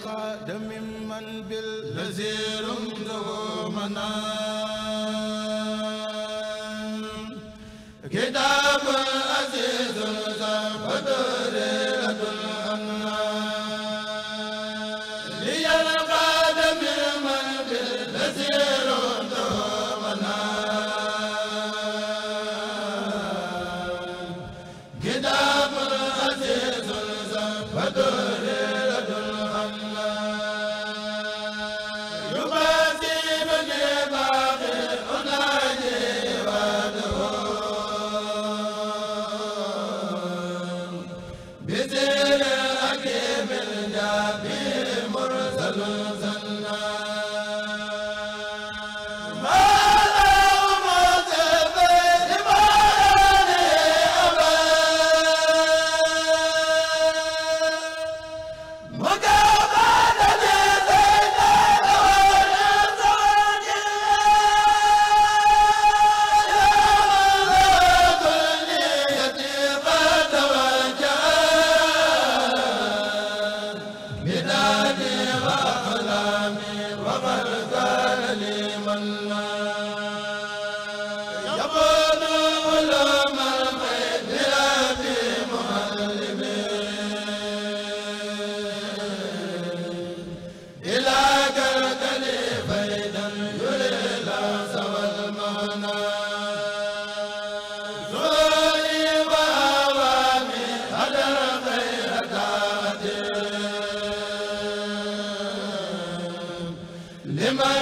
خادم من بالنذير ذو منام la ma